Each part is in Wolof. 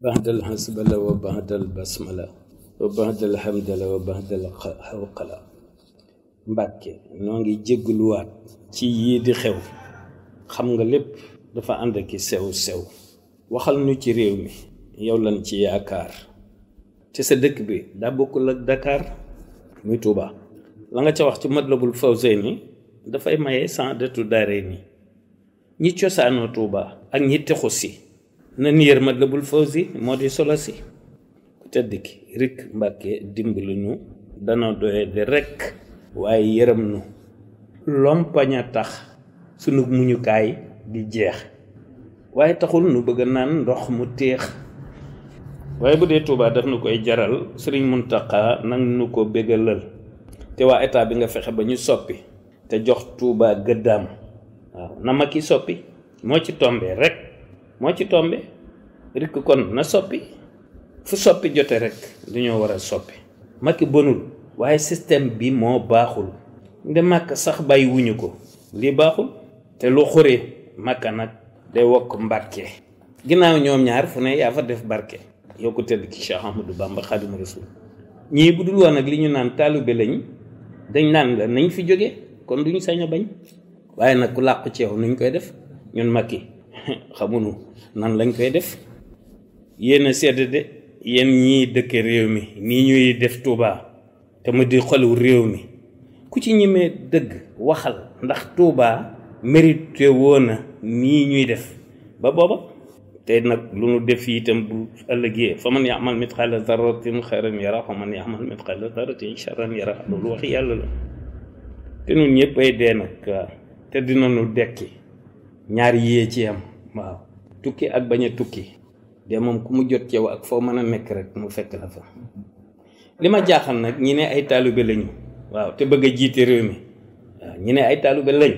بعد الهزبلة وبعد البسملة وبعد الحمدلة وبعد الحوقلة mbàkke noo ngi jégguluwaat ci yii di xew xam nga lépp dafa ànd ki sew-sew waxal nu ci réew mi yow lan ci yaakaar te sa dëkk bi daa bokkul ak Dakar muy Touba la nga ca wax ci Matlabul Fawzayni dafay maye sans detu daare ni ñi cosaanoo Touba ak ñi texu si na nier madlabul fawzi modi solasi solo rik mbàkke dimbali ñu dana doye de rek waye yërëm nu lom paña tax sunu kay di jeex waye taxul nu bëgg naan ndox mu teex waye bu dee daf nu koy jaral sëriñ muntaka nang nu ko bégalal te wa état bi nga fexé ba ñu soppi te jox touba gëddam ah, soppi mo ci tomber rek moo ci tombe rikk kon na soppi fu soppi jote rek ñoo war a soppi Macky bonul waaye système bi moo baaxul nde Makka sax bàyyi ko lii baaxul te lu xure Makka nag day wokk mbarke ginnaaw ñoom ñaar fu ne yaa fa def barke yow ko tëdd ki Cheikh Ahmadou Bamba ñii bu dul woon ak li ñu naan bi lañ dañ naan la nañ fi jóge kon duñu sañ a bañ waaye nag ku làqu ci yow nuñ koy def ñun Macky xamuñu nan lañ koy def yéen a sedd de yéen ñii dëkk réew mi ni ñuy def Touba te ma di xolu réew mi ku ci ñemee dëgg waxal ndax Touba mérité woon na nii ñuy def ba booba te nag lu nu def itam bu ëllëgee fa man yaamal mitqaala daratin xayran yara fa man yaamal mitqaala daratin charran yara loolu wax yàlla la te ñun ñëpp ay dee nag te dinañu dekki ñaar yee ci am waaw tukki ak bañ a tukki de moom ku mu jot ceew ak foo mën a nekk rek mu fekk la fa li ma jaaxal nag ñi ne ay taalube lañu waaw te bëgg a jiite réew mi waaw ñi ne ay taalibe lañ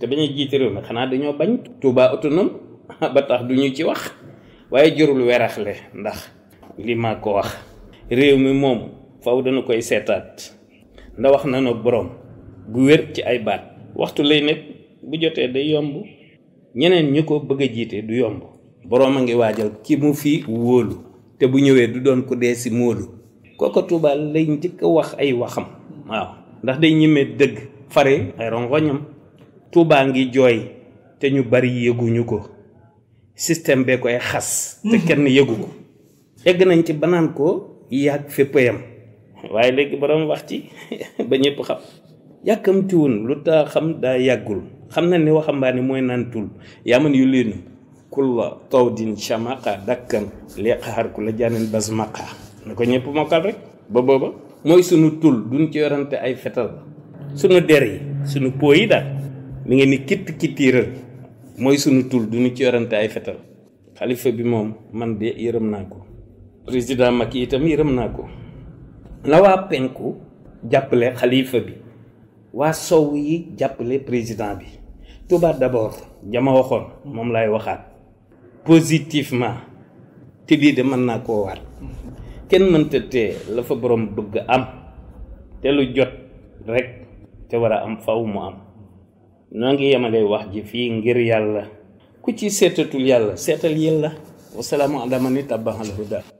te bañ a jiite réew mi xanaa dañoo bañ tuuba autonome ba tax du ñu ci wax waaye jërul weraxle ndax li ma ko wax réew mi moom faw dana koy seetaat nda wax na nag boroom gu wér ci ay baat waxtu lay nekk bu jotee day yomb ñeneen ñu ko bëgg a jiite du yomb boroom a ngi waajal ki mu fi wóolu te bu ñëwee du doon ko dee si móolu kooko Touba lay njëkk a wax ay waxam waaw ndax day ñemee dëgg fare ay rongoñam Touba ngi jooy te ñu bari yëguñu ko système bee koy xas te kenn yëgu ko egg nañ ci banaan ko yàgg féppayam waaye léegi borom wax ci ba ñëpp xam yàkkamtiwun lu taaxam xam daa yàggul xamna ni ne bani mooy tul yaman yu leenu kulla tawdin shamaqa dakkan liqahar kula janin basmaqa nako ko ñepp mokal rek ba booba moy sunu tul duñ ci yorante ay fetal sunu der yi sunu po yi daal mi ngi ni kit kitira moy sunu tul duñ ci yorante ay fetal khalifa bi mom man de nako president makki itam nako penku jappale khalifa bi wa sow yi jappelé président bi touba d'abord jama waxoon mom lay waxat positivement té lii de man nako koo waat kenn mënta tee la fa borom bëgg am té lu jot rek te wara am faaw mu am nangi ngi yemale wax ji fi ngir yalla ku ci seetatul yàlla seetal ala man al